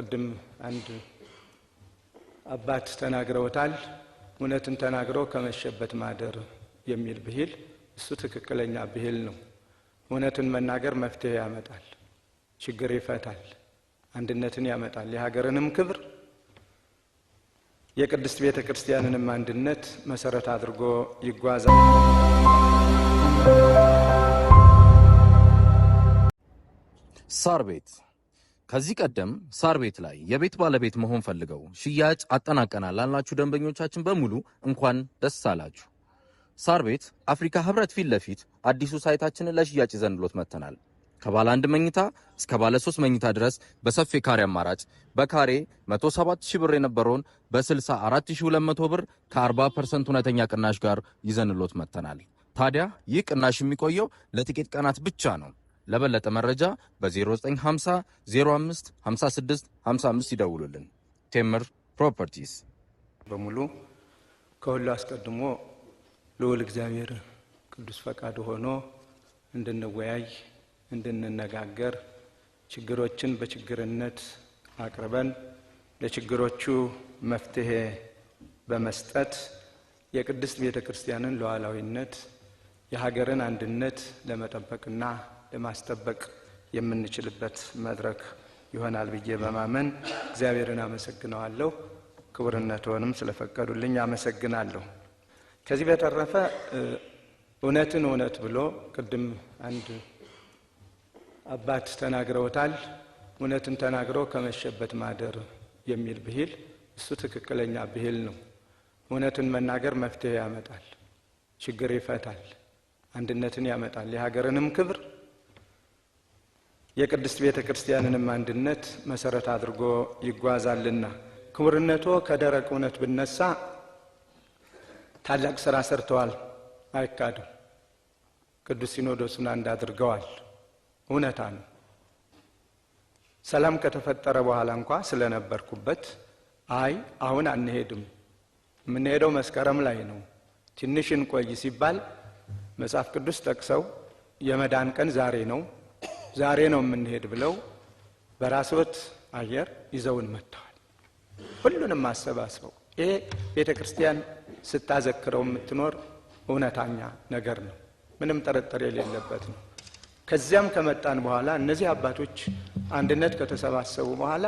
ቅድም አንድ አባት ተናግረውታል። እውነትን ተናግሮ ከመሸበት ማደር የሚል ብሂል፣ እሱ ትክክለኛ ብሂል ነው። እውነትን መናገር መፍትሄ ያመጣል፣ ችግር ይፈታል፣ አንድነትን ያመጣል፣ የሀገርንም ክብር የቅድስት ቤተ ክርስቲያንንም አንድነት መሰረት አድርጎ ይጓዛል። ሳር ቤት ከዚህ ቀደም ሳር ቤት ላይ የቤት ባለቤት መሆን ፈልገው ሽያጭ አጠናቀናል ላልናችሁ ደንበኞቻችን በሙሉ እንኳን ደስ አላችሁ። ሳር ቤት አፍሪካ ህብረት ፊት ለፊት አዲሱ ሳይታችንን ለሽያጭ ዘንድሎት መጥተናል። ከባለ አንድ መኝታ እስከ ባለ ሶስት መኝታ ድረስ በሰፊ ካሬ አማራጭ በካሬ 107 ሺህ ብር የነበረውን በ64200 ብር ከ40 ፐርሰንት እውነተኛ ቅናሽ ጋር ይዘንሎት መጥተናል። ታዲያ ይህ ቅናሽ የሚቆየው ለጥቂት ቀናት ብቻ ነው። ለበለጠ መረጃ በ0950 05 56 55 ይደውሉልን። ቴምር ፕሮፐርቲስ በሙሉ ከሁሉ አስቀድሞ ልዑል እግዚአብሔር ቅዱስ ፈቃድ ሆኖ እንድንወያይ እንድንነጋገር ችግሮችን በችግርነት አቅርበን ለችግሮቹ መፍትሄ በመስጠት የቅድስት ቤተ ክርስቲያንን ሉዓላዊነት የሀገርን አንድነት ለመጠበቅና ለማስጠበቅ የምንችልበት መድረክ ይሆናል ብዬ በማመን እግዚአብሔርን አመሰግነዋለሁ። ክቡርነትንም ስለፈቀዱልኝ አመሰግናለሁ። ከዚህ በተረፈ እውነትን እውነት ብሎ ቅድም አንድ አባት ተናግረውታል። እውነትን ተናግሮ ከመሸበት ማደር የሚል ብሂል፣ እሱ ትክክለኛ ብሂል ነው። እውነትን መናገር መፍትሄ ያመጣል፣ ችግር ይፈታል፣ አንድነትን ያመጣል፣ የሀገርንም ክብር የቅድስት ቤተ ክርስቲያንንም አንድነት መሰረት አድርጎ ይጓዛልና ክቡርነቶ ከደረቅ እውነት ብነሳ ታላቅ ስራ ሰርተዋል፣ አይካድም። ቅዱስ ሲኖዶሱን አንድ አድርገዋል፣ እውነታ ነው። ሰላም ከተፈጠረ በኋላ እንኳ ስለነበርኩበት አይ አሁን አንሄድም፣ የምንሄደው መስከረም ላይ ነው፣ ትንሽን ቆይ ሲባል መጽሐፍ ቅዱስ ጠቅሰው የመዳን ቀን ዛሬ ነው ዛሬ ነው የምንሄድ ብለው በራስወት አየር ይዘውን መጥተዋል። ሁሉንም አሰባስበው ይሄ ቤተ ክርስቲያን ስታዘክረው የምትኖር እውነታኛ ነገር ነው። ምንም ጥርጥር የሌለበት ነው። ከዚያም ከመጣን በኋላ እነዚህ አባቶች አንድነት ከተሰባሰቡ በኋላ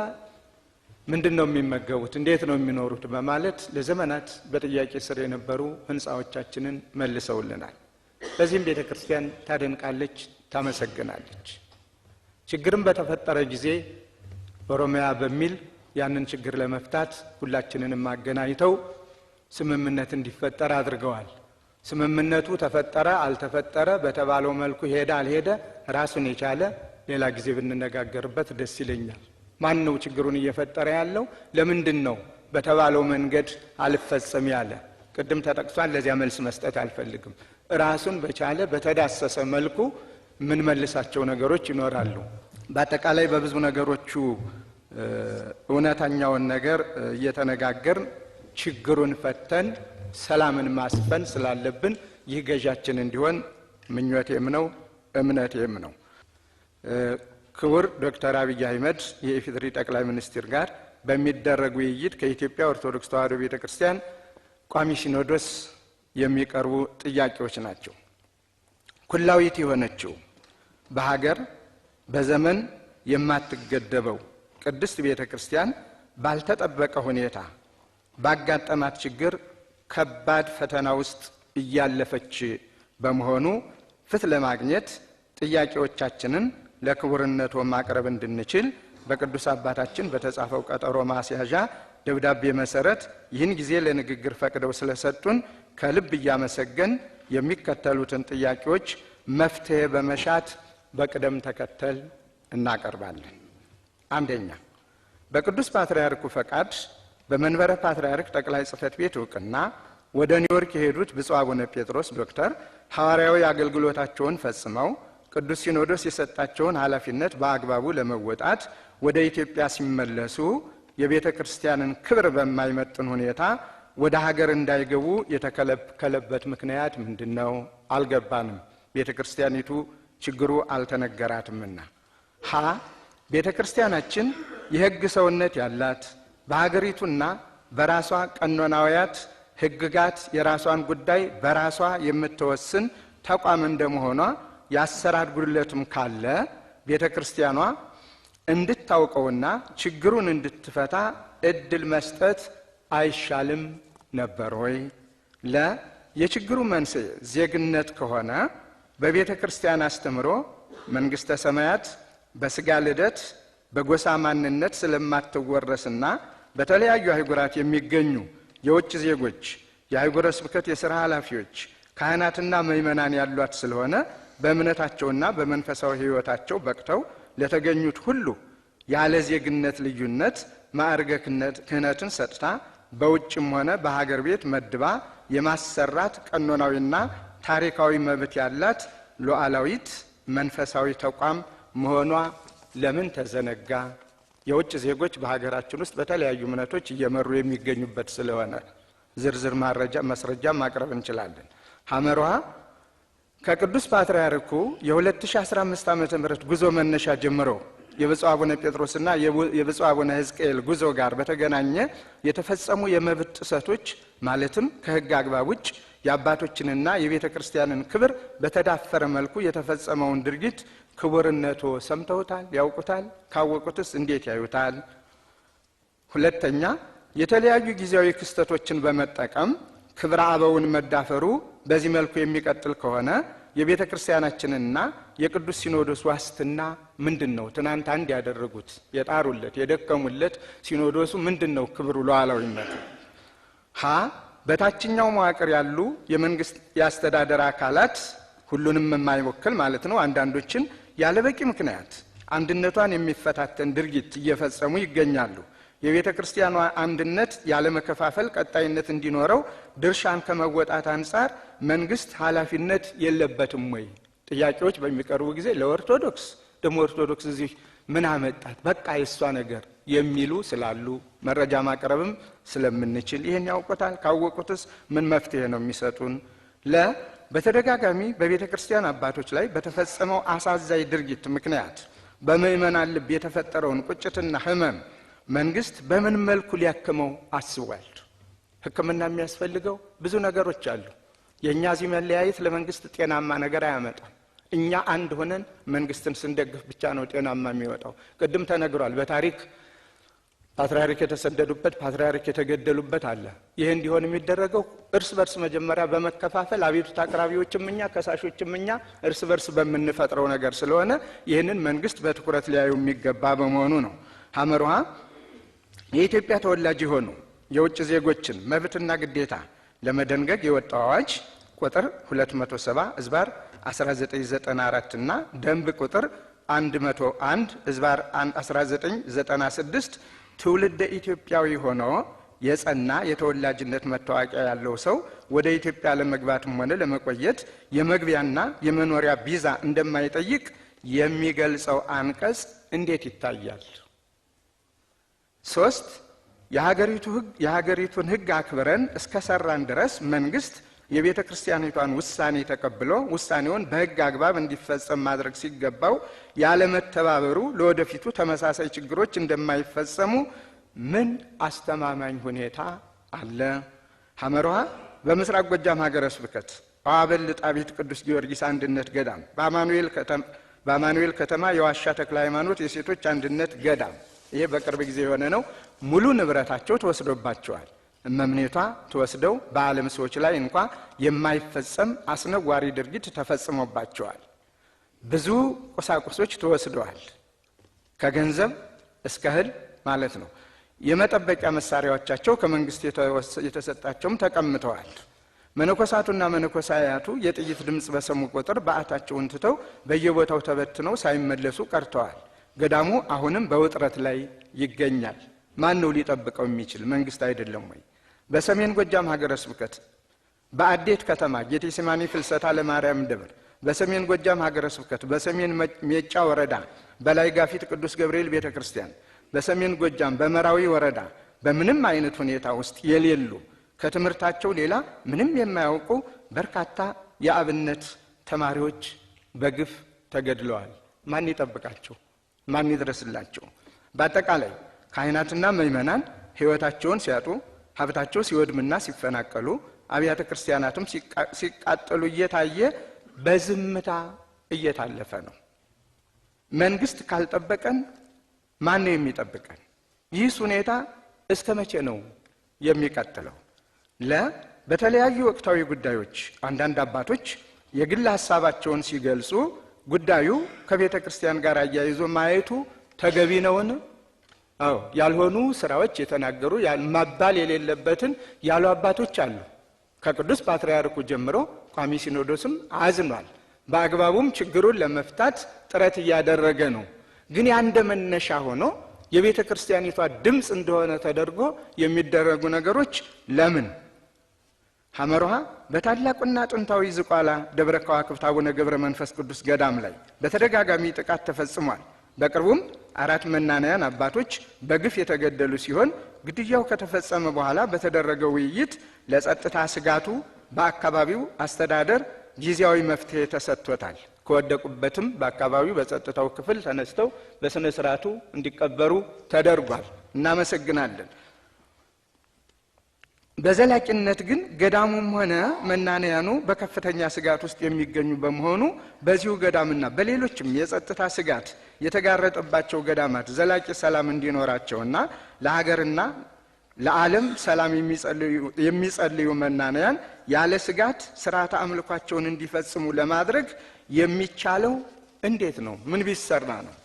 ምንድን ነው የሚመገቡት፣ እንዴት ነው የሚኖሩት በማለት ለዘመናት በጥያቄ ስር የነበሩ ህንፃዎቻችንን መልሰውልናል። በዚህም ቤተ ክርስቲያን ታደንቃለች፣ ታመሰግናለች። ችግርም በተፈጠረ ጊዜ ኦሮሚያ በሚል ያንን ችግር ለመፍታት ሁላችንንም አገናኝተው ስምምነት እንዲፈጠር አድርገዋል። ስምምነቱ ተፈጠረ አልተፈጠረ፣ በተባለው መልኩ ሄደ አልሄደ ራሱን የቻለ ሌላ ጊዜ ብንነጋገርበት ደስ ይለኛል። ማን ነው ችግሩን እየፈጠረ ያለው? ለምንድን ነው በተባለው መንገድ አልፈጸም ያለ? ቅድም ተጠቅሷል። ለዚያ መልስ መስጠት አልፈልግም። ራሱን በቻለ በተዳሰሰ መልኩ የምንመልሳቸው ነገሮች ይኖራሉ። በአጠቃላይ በብዙ ነገሮቹ እውነተኛውን ነገር እየተነጋገርን ችግሩን ፈተን ሰላምን ማስፈን ስላለብን ይህ ገዣችን እንዲሆን ምኞቴም ነው እምነቴም ነው። ክቡር ዶክተር አብይ አህመድ የኢፌዴሪ ጠቅላይ ሚኒስትር ጋር በሚደረግ ውይይት ከኢትዮጵያ ኦርቶዶክስ ተዋሕዶ ቤተ ክርስቲያን ቋሚ ሲኖዶስ የሚቀርቡ ጥያቄዎች ናቸው። ኩላዊት የሆነችው በሀገር በዘመን የማትገደበው ቅድስት ቤተ ክርስቲያን ባልተጠበቀ ሁኔታ ባጋጠማት ችግር ከባድ ፈተና ውስጥ እያለፈች በመሆኑ ፍት ለማግኘት ጥያቄዎቻችንን ለክቡርነቶ ማቅረብ እንድንችል በቅዱስ አባታችን በተጻፈው ቀጠሮ ማስያዣ ደብዳቤ መሰረት ይህን ጊዜ ለንግግር ፈቅደው ስለሰጡን ከልብ እያመሰገን የሚከተሉትን ጥያቄዎች መፍትሄ በመሻት በቅደም ተከተል እናቀርባለን። አንደኛ፣ በቅዱስ ፓትርያርኩ ፈቃድ በመንበረ ፓትርያርክ ጠቅላይ ጽፈት ቤት እውቅና ወደ ኒውዮርክ የሄዱት ብፁ አቡነ ጴጥሮስ ዶክተር ሐዋርያዊ አገልግሎታቸውን ፈጽመው ቅዱስ ሲኖዶስ የሰጣቸውን ኃላፊነት በአግባቡ ለመወጣት ወደ ኢትዮጵያ ሲመለሱ የቤተ ክርስቲያንን ክብር በማይመጥን ሁኔታ ወደ ሀገር እንዳይገቡ የተከለከለበት ምክንያት ምንድን ነው? አልገባንም። ቤተ ክርስቲያኒቱ ችግሩ አልተነገራትምና። ሀ ቤተ ክርስቲያናችን የህግ ሰውነት ያላት በሀገሪቱና በራሷ ቀኖናውያት ህግጋት የራሷን ጉዳይ በራሷ የምትወስን ተቋም እንደመሆኗ የአሰራር ጉድለትም ካለ ቤተ ክርስቲያኗ እንድታውቀውና ችግሩን እንድትፈታ እድል መስጠት አይሻልም ነበር ወይ? ለ የችግሩ መንስኤ ዜግነት ከሆነ በቤተ ክርስቲያን አስተምሮ መንግሥተ ሰማያት በስጋ ልደት በጎሳ ማንነት ስለማትወረስና በተለያዩ አህጉራት የሚገኙ የውጭ ዜጎች የአህጉረ ስብከት የሥራ ኃላፊዎች ካህናትና መይመናን ያሏት ስለሆነ በእምነታቸውና በመንፈሳዊ ሕይወታቸው በቅተው ለተገኙት ሁሉ ያለ ዜግነት ልዩነት ማዕርገ ክህነትን ሰጥታ በውጭም ሆነ በሀገር ቤት መድባ የማሰራት ቀኖናዊና ታሪካዊ መብት ያላት ሉዓላዊት መንፈሳዊ ተቋም መሆኗ ለምን ተዘነጋ? የውጭ ዜጎች በሀገራችን ውስጥ በተለያዩ እምነቶች እየመሩ የሚገኙበት ስለሆነ ዝርዝር ማስረጃ ማቅረብ እንችላለን። ሐመሯ ከቅዱስ ፓትርያርኩ የ2015 ዓ ም ጉዞ መነሻ ጀምሮ የብፁዕ አቡነ ጴጥሮስና የብፁዕ አቡነ ህዝቅኤል ጉዞ ጋር በተገናኘ የተፈጸሙ የመብት ጥሰቶች ማለትም ከህግ አግባብ ውጭ የአባቶችንና የቤተ ክርስቲያንን ክብር በተዳፈረ መልኩ የተፈጸመውን ድርጊት ክቡርነቶ ሰምተውታል? ያውቁታል? ካወቁትስ እንዴት ያዩታል? ሁለተኛ የተለያዩ ጊዜያዊ ክስተቶችን በመጠቀም ክብረ አበውን መዳፈሩ በዚህ መልኩ የሚቀጥል ከሆነ የቤተ ክርስቲያናችንና የቅዱስ ሲኖዶስ ዋስትና ምንድን ነው? ትናንት አንድ ያደረጉት የጣሩለት የደከሙለት ሲኖዶሱ ምንድን ነው ክብሩ ሉዓላዊነት? ሀ በታችኛው መዋቅር ያሉ የመንግስት የአስተዳደር አካላት ሁሉንም የማይወክል ማለት ነው፣ አንዳንዶችን ያለበቂ ምክንያት አንድነቷን የሚፈታተን ድርጊት እየፈጸሙ ይገኛሉ። የቤተ ክርስቲያኗ አንድነት ያለመከፋፈል ቀጣይነት እንዲኖረው ድርሻን ከመወጣት አንጻር መንግስት ኃላፊነት የለበትም ወይ? ጥያቄዎች በሚቀርቡ ጊዜ ለኦርቶዶክስ ደግሞ ኦርቶዶክስ እዚህ ምን አመጣት በቃ የእሷ ነገር የሚሉ ስላሉ መረጃ ማቅረብም ስለምንችል ይህን ያውቁታል። ካወቁትስ ምን መፍትሄ ነው የሚሰጡን? ለ በተደጋጋሚ በቤተ ክርስቲያን አባቶች ላይ በተፈጸመው አሳዛኝ ድርጊት ምክንያት በምእመናን ልብ የተፈጠረውን ቁጭትና ህመም መንግስት በምን መልኩ ሊያክመው አስቧል? ህክምና የሚያስፈልገው ብዙ ነገሮች አሉ። የእኛ ዚህ መለያየት ለመንግስት ጤናማ ነገር አያመጣም። እኛ አንድ ሆነን መንግስትን ስንደግፍ ብቻ ነው ጤናማ የሚወጣው። ቅድም ተነግሯል። በታሪክ ፓትርያርክ የተሰደዱበት ፓትርያርክ የተገደሉበት አለ። ይህ እንዲሆን የሚደረገው እርስ በርስ መጀመሪያ በመከፋፈል አቤቱት አቅራቢዎችም እኛ ከሳሾችም እኛ እርስ በርስ በምንፈጥረው ነገር ስለሆነ ይህንን መንግስት በትኩረት ሊያዩ የሚገባ በመሆኑ ነው ሀመርሃ የኢትዮጵያ ተወላጅ የሆኑ የውጭ ዜጎችን መብትና ግዴታ ለመደንገግ የወጣው አዋጅ ቁጥር 270 እዝባር 1994 እና ደንብ ቁጥር 101 እዝባር 1996 ትውልደ ኢትዮጵያዊ ሆኖ የጸና የተወላጅነት መታወቂያ ያለው ሰው ወደ ኢትዮጵያ ለመግባትም ሆነ ለመቆየት የመግቢያና የመኖሪያ ቪዛ እንደማይጠይቅ የሚገልጸው አንቀጽ እንዴት ይታያል? ሶስት የሀገሪቱን ህግ አክብረን እስከሰራን ድረስ መንግስት የቤተ ክርስቲያኒቷን ውሳኔ ተቀብሎ ውሳኔውን በህግ አግባብ እንዲፈጸም ማድረግ ሲገባው ያለመተባበሩ ለወደፊቱ ተመሳሳይ ችግሮች እንደማይፈጸሙ ምን አስተማማኝ ሁኔታ አለ? ሐመርሃ በምስራቅ ጎጃም ሀገረ ስብከት አበልጣ ቤት ቅዱስ ጊዮርጊስ አንድነት ገዳም በአማኑኤል ከተማ የዋሻ ተክለ ሃይማኖት የሴቶች አንድነት ገዳም ይሄ በቅርብ ጊዜ የሆነ ነው። ሙሉ ንብረታቸው ተወስዶባቸዋል። እመምኔቷ ተወስደው በአለም ሰዎች ላይ እንኳ የማይፈጸም አስነዋሪ ድርጊት ተፈጽሞባቸዋል። ብዙ ቁሳቁሶች ተወስደዋል። ከገንዘብ እስከ እህል ማለት ነው። የመጠበቂያ መሳሪያዎቻቸው ከመንግስት የተሰጣቸውም ተቀምጠዋል። መነኮሳቱና መነኮሳያቱ የጥይት ድምፅ በሰሙ ቁጥር በአታቸውን ትተው በየቦታው ተበትነው ሳይመለሱ ቀርተዋል። ገዳሙ አሁንም በውጥረት ላይ ይገኛል። ማን ነው ሊጠብቀው የሚችል? መንግስት አይደለም ወይ? በሰሜን ጎጃም ሀገረ ስብከት በአዴት ከተማ ጌቴሴማኒ ፍልሰታ ለማርያም ደብር፣ በሰሜን ጎጃም ሀገረ ስብከት በሰሜን ሜጫ ወረዳ በላይ ጋፊት ቅዱስ ገብርኤል ቤተ ክርስቲያን፣ በሰሜን ጎጃም በመራዊ ወረዳ በምንም አይነት ሁኔታ ውስጥ የሌሉ ከትምህርታቸው ሌላ ምንም የማያውቁ በርካታ የአብነት ተማሪዎች በግፍ ተገድለዋል። ማን ይጠብቃቸው? ማን ይድረስላቸው? በአጠቃላይ ካህናትና ምእመናን ህይወታቸውን ሲያጡ ሀብታቸው ሲወድምና ሲፈናቀሉ አብያተ ክርስቲያናትም ሲቃጠሉ እየታየ በዝምታ እየታለፈ ነው። መንግስት ካልጠበቀን ማን ነው የሚጠብቀን? ይህ ሁኔታ እስከ መቼ ነው የሚቀጥለው? ለ በተለያዩ ወቅታዊ ጉዳዮች አንዳንድ አባቶች የግል ሀሳባቸውን ሲገልጹ ጉዳዩ ከቤተ ክርስቲያን ጋር አያይዞ ማየቱ ተገቢ ነውን? አዎ፣ ያልሆኑ ስራዎች የተናገሩ ማባል የሌለበትን ያሉ አባቶች አሉ። ከቅዱስ ፓትርያርኩ ጀምሮ ቋሚ ሲኖዶስም አዝኗል። በአግባቡም ችግሩን ለመፍታት ጥረት እያደረገ ነው። ግን ያንደ መነሻ ሆኖ የቤተ ክርስቲያኒቷ ድምፅ እንደሆነ ተደርጎ የሚደረጉ ነገሮች ለምን ሐመሮሃ በታላቁና ጥንታዊ ዝቋላ ደብረ ከዋክብት አቡነ ገብረ መንፈስ ቅዱስ ገዳም ላይ በተደጋጋሚ ጥቃት ተፈጽሟል። በቅርቡም አራት መናነያን አባቶች በግፍ የተገደሉ ሲሆን ግድያው ከተፈጸመ በኋላ በተደረገ ውይይት ለጸጥታ ስጋቱ በአካባቢው አስተዳደር ጊዜያዊ መፍትሄ ተሰጥቶታል። ከወደቁበትም በአካባቢው በጸጥታው ክፍል ተነስተው በሥነ ሥርዓቱ እንዲቀበሩ ተደርጓል። እናመሰግናለን። በዘላቂነት ግን ገዳሙም ሆነ መናንያኑ በከፍተኛ ስጋት ውስጥ የሚገኙ በመሆኑ በዚሁ ገዳምና በሌሎችም የጸጥታ ስጋት የተጋረጠባቸው ገዳማት ዘላቂ ሰላም እንዲኖራቸውና ለሀገርና ለዓለም ሰላም የሚጸልዩ መናንያን ያለ ስጋት ስርዓተ አምልኳቸውን እንዲፈጽሙ ለማድረግ የሚቻለው እንዴት ነው? ምን ቢሰራ ነው?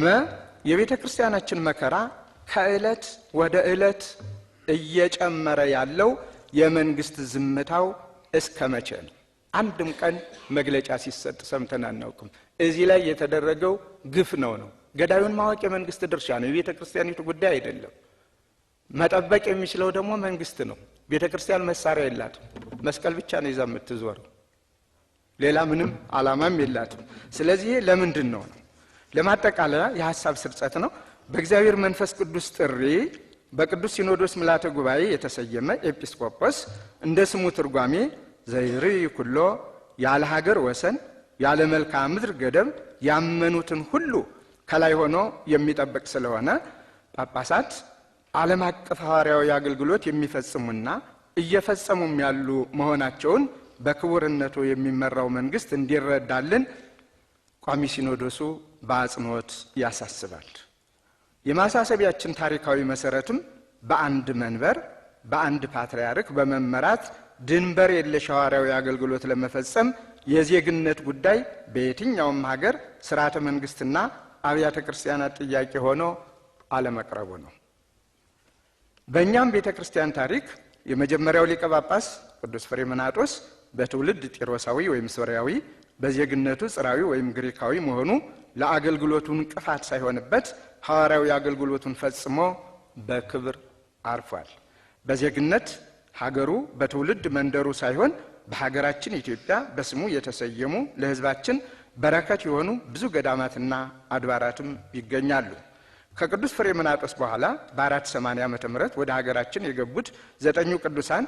መ የቤተ ክርስቲያናችን መከራ ከእለት ወደ እለት? እየጨመረ ያለው የመንግስት ዝምታው እስከ መቼ ነው? አንድም ቀን መግለጫ ሲሰጥ ሰምተን አናውቅም። እዚህ ላይ የተደረገው ግፍ ነው ነው ገዳዩን ማወቅ የመንግስት ድርሻ ነው፣ የቤተ ክርስቲያኒቱ ጉዳይ አይደለም። መጠበቅ የሚችለው ደግሞ መንግስት ነው። ቤተ ክርስቲያን መሳሪያ የላትም። መስቀል ብቻ ነው ይዛ የምትዞረው፣ ሌላ ምንም አላማም የላትም። ስለዚህ ለምንድን ነው ነው ለማጠቃለያ የሀሳብ ስርጸት ነው በእግዚአብሔር መንፈስ ቅዱስ ጥሪ በቅዱስ ሲኖዶስ ምላተ ጉባኤ የተሰየመ ኤጲስቆጶስ እንደ ስሙ ትርጓሜ ዘይሪ ኩሎ ያለ ሀገር ወሰን ያለ መልካ ምድር ገደብ ያመኑትን ሁሉ ከላይ ሆኖ የሚጠብቅ ስለሆነ ጳጳሳት ዓለም አቀፍ ሐዋርያዊ አገልግሎት የሚፈጽሙና እየፈጸሙም ያሉ መሆናቸውን በክቡርነቱ የሚመራው መንግስት እንዲረዳልን ቋሚ ሲኖዶሱ በአጽንኦት ያሳስባል። የማሳሰቢያችን ታሪካዊ መሰረትም በአንድ መንበር በአንድ ፓትርያርክ በመመራት ድንበር የለሽ ሐዋርያዊ አገልግሎት ለመፈጸም የዜግነት ጉዳይ በየትኛውም ሀገር ስርዓተ መንግስትና አብያተ ክርስቲያናት ጥያቄ ሆኖ አለመቅረቡ ነው። በእኛም ቤተ ክርስቲያን ታሪክ የመጀመሪያው ሊቀ ጳጳስ ቅዱስ ፍሬምናጦስ በትውልድ ጢሮሳዊ ወይም ሶሪያዊ በዜግነቱ ጽራዊ ወይም ግሪካዊ መሆኑ ለአገልግሎቱ እንቅፋት ሳይሆንበት ሐዋርያው አገልግሎቱን ፈጽሞ በክብር አርፏል። በዜግነት ሀገሩ በትውልድ መንደሩ ሳይሆን በሀገራችን ኢትዮጵያ በስሙ የተሰየሙ ለህዝባችን በረከት የሆኑ ብዙ ገዳማትና አድባራትም ይገኛሉ። ከቅዱስ መናጦስ በኋላ በ480 ዓ ም ወደ ሀገራችን የገቡት ዘጠኙ ቅዱሳን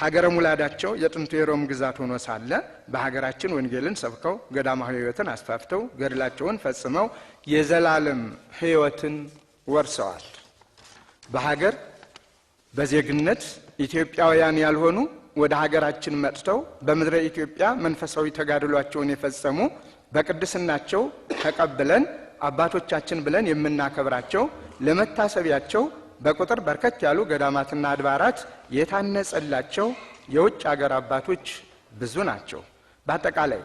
ሀገረ ሙላዳቸው የጥንቱ የሮም ግዛት ሆኖ ሳለ በሀገራችን ወንጌልን ሰብከው ገዳማዊ ህይወትን አስፋፍተው ገድላቸውን ፈጽመው የዘላለም ህይወትን ወርሰዋል። በሀገር በዜግነት ኢትዮጵያውያን ያልሆኑ ወደ ሀገራችን መጥተው በምድረ ኢትዮጵያ መንፈሳዊ ተጋድሏቸውን የፈጸሙ በቅድስናቸው ተቀብለን አባቶቻችን ብለን የምናከብራቸው ለመታሰቢያቸው በቁጥር በርከት ያሉ ገዳማትና አድባራት የታነጸላቸው የውጭ አገር አባቶች ብዙ ናቸው። በአጠቃላይ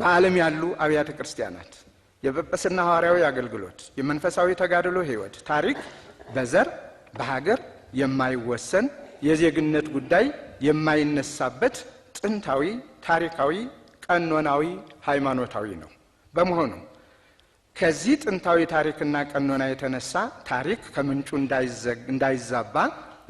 በዓለም ያሉ አብያተ ክርስቲያናት የጵጵስና ሐዋርያዊ አገልግሎት፣ የመንፈሳዊ ተጋድሎ ህይወት ታሪክ በዘር በሀገር የማይወሰን የዜግነት ጉዳይ የማይነሳበት ጥንታዊ ታሪካዊ ቀኖናዊ ሃይማኖታዊ ነው። በመሆኑ ከዚህ ጥንታዊ ታሪክና ቀኖና የተነሳ ታሪክ ከምንጩ እንዳይዛባ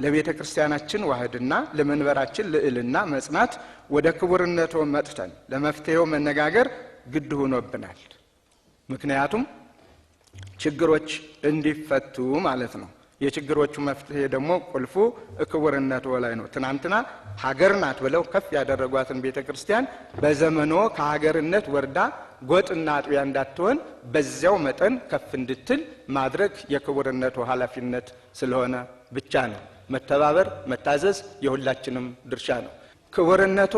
ለቤተ ክርስቲያናችን ዋህድና ለመንበራችን ልዕልና መጽናት ወደ ክቡርነቶ መጥተን ለመፍትሄው መነጋገር ግድ ሆኖብናል። ምክንያቱም ችግሮች እንዲፈቱ ማለት ነው። የችግሮቹ መፍትሄ ደግሞ ቁልፉ ክቡርነቶ ላይ ነው። ትናንትና ሀገር ናት ብለው ከፍ ያደረጓትን ቤተ ክርስቲያን በዘመኖ ከሀገርነት ወርዳ ጎጥና አጥቢያ እንዳትሆን በዚያው መጠን ከፍ እንድትል ማድረግ የክቡርነቱ ኃላፊነት ስለሆነ ብቻ ነው። መተባበር፣ መታዘዝ የሁላችንም ድርሻ ነው። ክቡርነቶ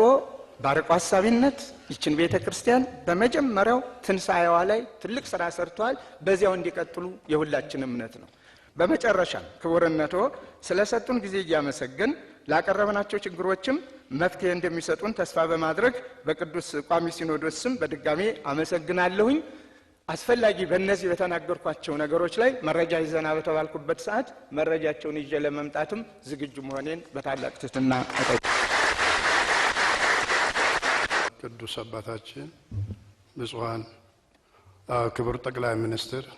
ባርቆ ሀሳቢነት ይችን ቤተ ክርስቲያን በመጀመሪያው ትንሣኤዋ ላይ ትልቅ ስራ ሰርተዋል። በዚያው እንዲቀጥሉ የሁላችን እምነት ነው። በመጨረሻ ክቡርነቶ ስለሰጡን ጊዜ እያመሰገን ላቀረብናቸው ችግሮችም መፍትሄ እንደሚሰጡን ተስፋ በማድረግ በቅዱስ ቋሚ ሲኖዶስ ስም በድጋሜ አመሰግናለሁኝ። አስፈላጊ በእነዚህ በተናገርኳቸው ነገሮች ላይ መረጃ ይዘና በተባልኩበት ሰዓት መረጃቸውን ይዤ ለመምጣትም ዝግጁ መሆኔን በታላቅ ትትና እጠይቅ። ቅዱስ አባታችን ብፁዓን ክቡር ጠቅላይ ሚኒስትር